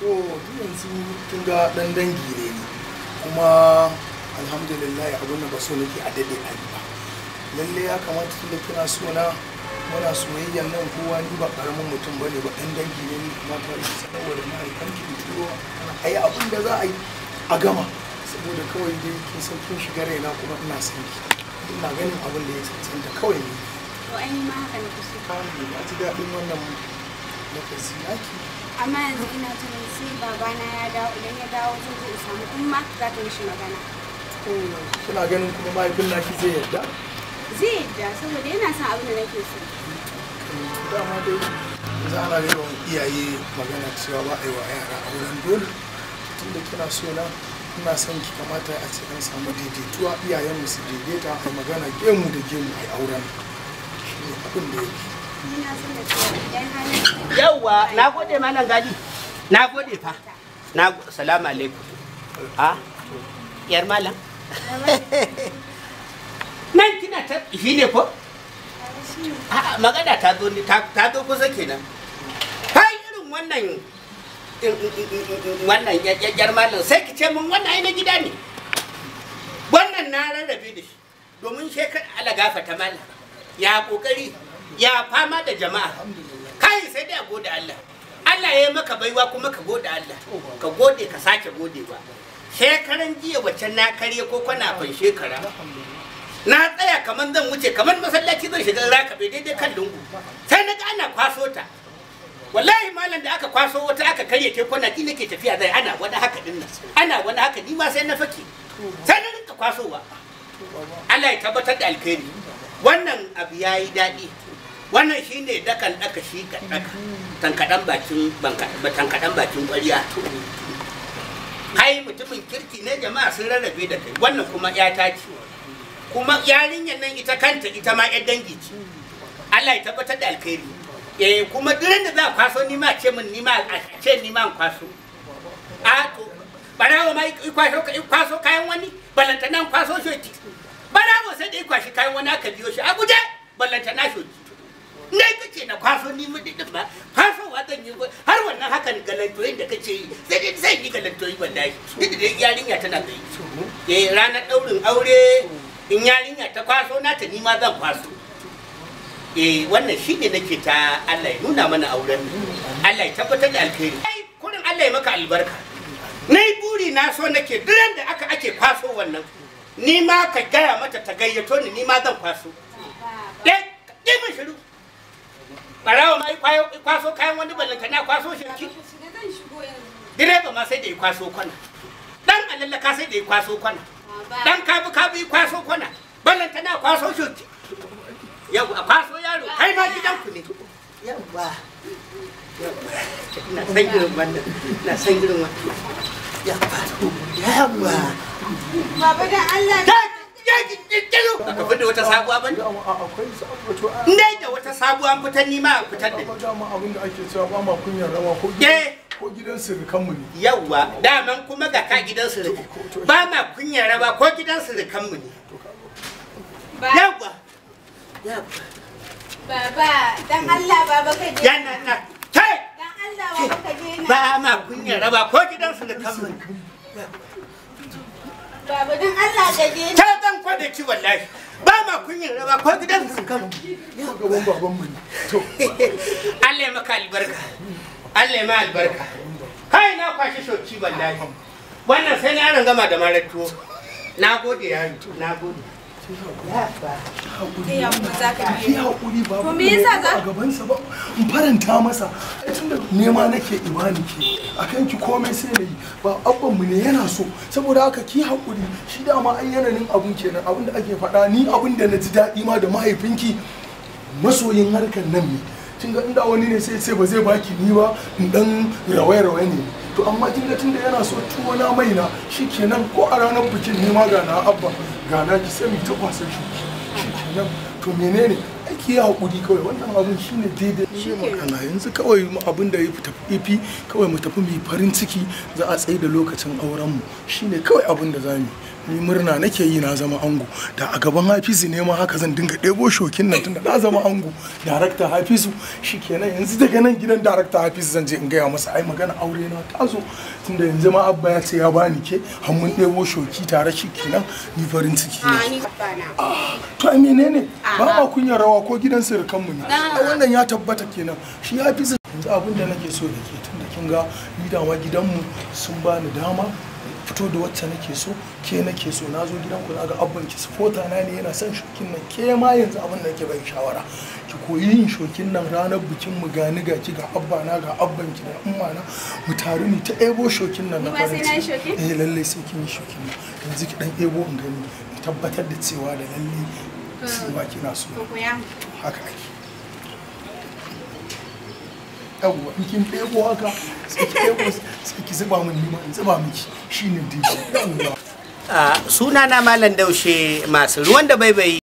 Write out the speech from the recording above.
to yanzu kin ga dan dangi ne kuma alhamdulillah abin da ba so nake a dade a ba lalle ya kamata tunda kina so na muna soyayyan nan kowa ni ba karamin mutum bane ba dan dangi ne kuma ta yi saboda na yi kanki turo a yi abin da za a yi a gama saboda kawai dai kin san kin shiga raina kuma ina son ki ina ganin abin da ya cancanta kawai ne to an ma haka na kusa ba ji daɗin wannan lafazi amma yanzu ina tunan sai babana ya dawo idan ya dawo zai zo samu umma za ta mishi magana kina ganin kuma mahaifin naki zai yarda zai yarda saboda yana son abin da nake so dama dai yanzu ana yawan iyaye magana cewa ba a yi wa yara a wurin dole da kina so na ina son ki kamata a ce an samu daidaituwa iyayen mu su daidaita a magana gemu da gemu a auren shi ne abin da yake yawa na gode malam gadi na gode fa na salamu alaikum a yar malam nan kina ta shi ne ko magana ta zo ni ta zo kusa kenan kai irin wannan wannan yar malam sai ki ce mun wannan ai na gida ne wannan na rarrabe da shi domin ala alagafa ta malam ya kokari ya fama da jama'a kai sai dai a gode Allah Allah ya yi maka baiwa kuma ka gode Allah ka gode ka sake gode ba shekaran jiya wacce na karye ko kwana kan shekara na tsaya kamar zan wuce kamar masallaci zan shiga raka bai daidai kan lungu sai na ga ana kwaso ta wallahi malam da aka kwaso wata aka karye ke kwana ki nake tafiya zai ana wani haka din nan ana wani haka ni ma sai na fake sai na rinka kwasowa Allah ya tabbatar da alkhairi wannan abu yayi daɗi wannan shi ne dakan daka shi ka daka tankadan bakin banka tankadan bakin ƙwarya mutumin kirki ne jama'a sun rarrabe da kai wannan kuma ya ta ce kuma yarinyar nan ita kanta ita ma yan dangi ce Allah ya tabbatar da alkhairi eh kuma duran da za kwaso ni ma ce min ni ma a ce ni ma kwaso a to barawo ma kwaso kwaso kayan wani balantana kwaso ki barawo sai dai kwashi kayan wani aka biyo shi a guje balantana shoki na kwaso ni mu din ba wa zan yi har wannan hakan galantoyin da kace yi sai dai zan yi galantoyi wallahi duk da yarinya tana gai eh ranar daurin aure in yarinya ta kwaso na ta ni ma zan kwaso eh wannan shine nake ta Allah ya nuna mana auren Allah ya tabbatar da alheri ai kurin Allah ya maka albarka na buri na so nake duran da aka ake kwaso wannan ni ma ka gaya mata ta gayyato ni ni ma zan kwaso ɗaya ɗaya shiru barawa ma kwaso kayan wani ballantana kwaso shirki direba ma sai da ya kwaso kwana dan alallaka sai da ya kwaso kwana dan kabu kabu ya kwaso kwana ballantana kwaso shirki yau a kwaso yaro kai ma gidan ne yawwa na san girin wannan na san girin wannan Allah Ka fi da wata sabuwa ba ne? Ne da wata sabuwa fitar ni ma fitar da. Dama abin da ake cewa ba ma kunyar rawa ko gidan ne. Yawwa, daman kuma ga ka gidan sirikan. Ba ma kunyar rawa ko gidan sirikanmu ne. Yawwa. Baba, dan Allah baba ka je. Yana na. Kai! Dan Allah baba ka je. Ba ma kunyar rawa ko gidan sirikanmu ne. Baba don Allah ka je. Ta zan kwada ki wallahi. Ba ma kunyin raba ko gidan sun kama. Ko gaban baban mu. To. Allah ya maka albarka. Allah ya ma albarka. Kai na kwashi shoci wallahi. Wannan sai na rangama da marar tuwo. Na gode yaro, na gode. To me yasa A gabansa ba, in faranta masa. Tunda nema nake imani ke, a kan ki komai sai na yi, ba abban mu ne yana so. Saboda haka ki haƙuri, shi dama ai yanayin abun kenan, abun da ake faɗa ni abun da na ji daɗi ma da mahaifinki masoyin harkar nan ne. kin ga inda wani ne sai sai ba zai baki ni ba in dan rawaye-rawaye ne to amma kin ga tunda yana so tuwo na mai na shikenan ko a ranar bikin ni ma ga na abba ga na ki sai mu ta kwasa shi shikenan to menene aiki ya haƙuri kawai wannan abin shine daidai shi magana yanzu kawai abin da ya tafi ifi kawai mu tafi mu farin ciki za a tsaye da lokacin auren mu shine kawai abin da za mu ni murna nake yi na zama ango da a gaban hafizu ne ma haka zan dinga ɗebo shokin nan tunda na zama ango darakta hafizu kenan yanzu daga nan gidan darakta hafizu zan je in gaya masa ai magana aure na tazo tunda yanzu ma abba ya ce ya bani ke har ɗebo shoki tare shi kenan ni farin ciki ne ah, to ai menene ba ma kunyar rawa ko gidan sirkan mu ne wannan ya tabbata kenan shi hafizu yanzu abin da nake so da ke tunda kin ga ni dama gidanmu sun bani dama fito da wacce nake so ke nake so na zo gidan ku ga abban ki supporter na ne yana son shokin nan ke ma yanzu abin da ke bai shawara ki koyi yin shokin nan ranar bikin mu gani ga ki ga abba na ga abban ki da umma na mu taru ni ta ebo shokin nan na farin ciki eh lalle sai kin yi shokin nan yanzu ki dan ebo in gani tabbatar da cewa da lalle cewa kina so haka ake yawwa ah, suna malam daushe masu ruwan da baibayi